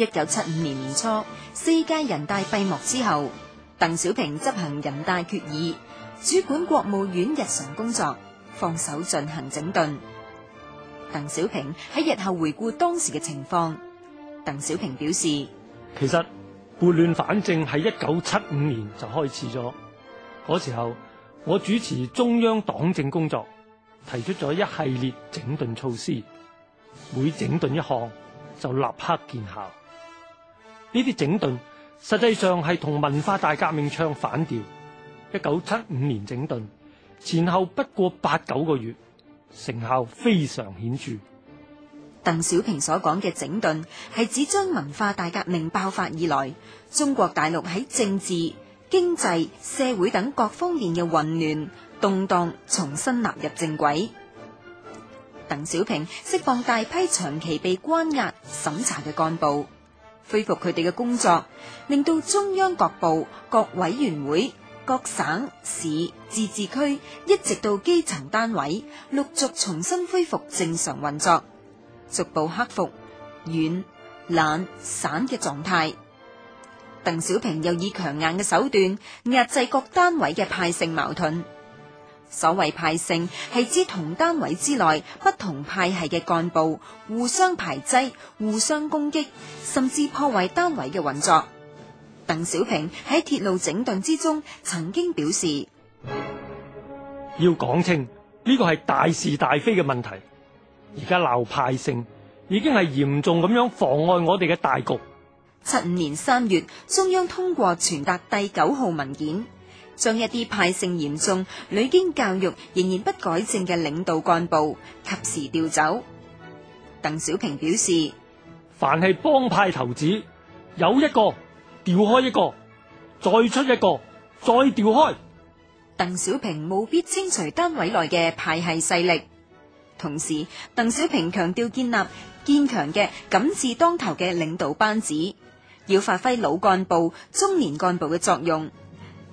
一九七五年年初，四屆人大閉幕之後，鄧小平執行人大決議，主管國務院日常工作，放手進行整頓。鄧小平喺日後回顧當時嘅情況，鄧小平表示：其實撥亂反正喺一九七五年就開始咗，嗰時候我主持中央黨政工作，提出咗一系列整頓措施，每整頓一項就立刻見效。呢啲整頓實際上係同文化大革命唱反調。一九七五年整頓前後不過八九個月，成效非常顯著。鄧小平所講嘅整頓係指將文化大革命爆發以來中國大陸喺政治、經濟、社會等各方面嘅混亂動蕩重新納入正軌。鄧小平釋放大批長期被關押審查嘅幹部。恢復佢哋嘅工作，令到中央各部、各委員會、各省市自治區，一直到基層單位，陸續重新恢復正常運作，逐步克服軟、懶、散嘅狀態。鄧小平又以強硬嘅手段壓制各單位嘅派性矛盾。所謂派性係指同單位之內不同派系嘅幹部互相排擠、互相攻擊，甚至破壞單位嘅運作。鄧小平喺鐵路整頓之中曾經表示：要講清呢個係大是大非嘅問題。而家鬧派性已經係嚴重咁樣妨礙我哋嘅大局。七五年三月，中央通過傳達第九號文件。將一啲派性嚴重、屢經教育仍然不改正嘅領導幹部及時調走。鄧小平表示，凡係幫派頭子，有一個調開一個，再出一個，再調開。鄧小平務必清除單位內嘅派系勢力。同時，鄧小平強調建立堅強嘅敢字當頭嘅領導班子，要發揮老幹部、中年幹部嘅作用。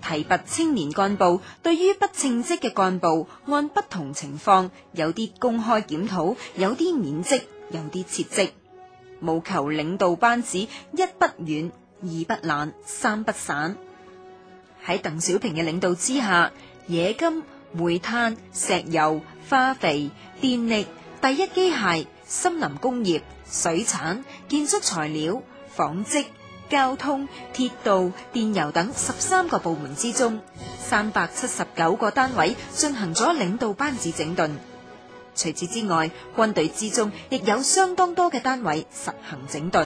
提拔青年幹部，對於不稱職嘅幹部，按不同情況，有啲公開檢討，有啲免職，有啲撤職。務求領導班子一不軟，二不懶，三不散。喺鄧小平嘅領導之下，冶金、煤炭、石油、化肥、電力、第一機械、森林工業、水產、建築材料、紡織，交通、鐵道、電郵等十三個部門之中，三百七十九個單位進行咗領導班子整頓。除此之外，軍隊之中亦有相當多嘅單位實行整頓。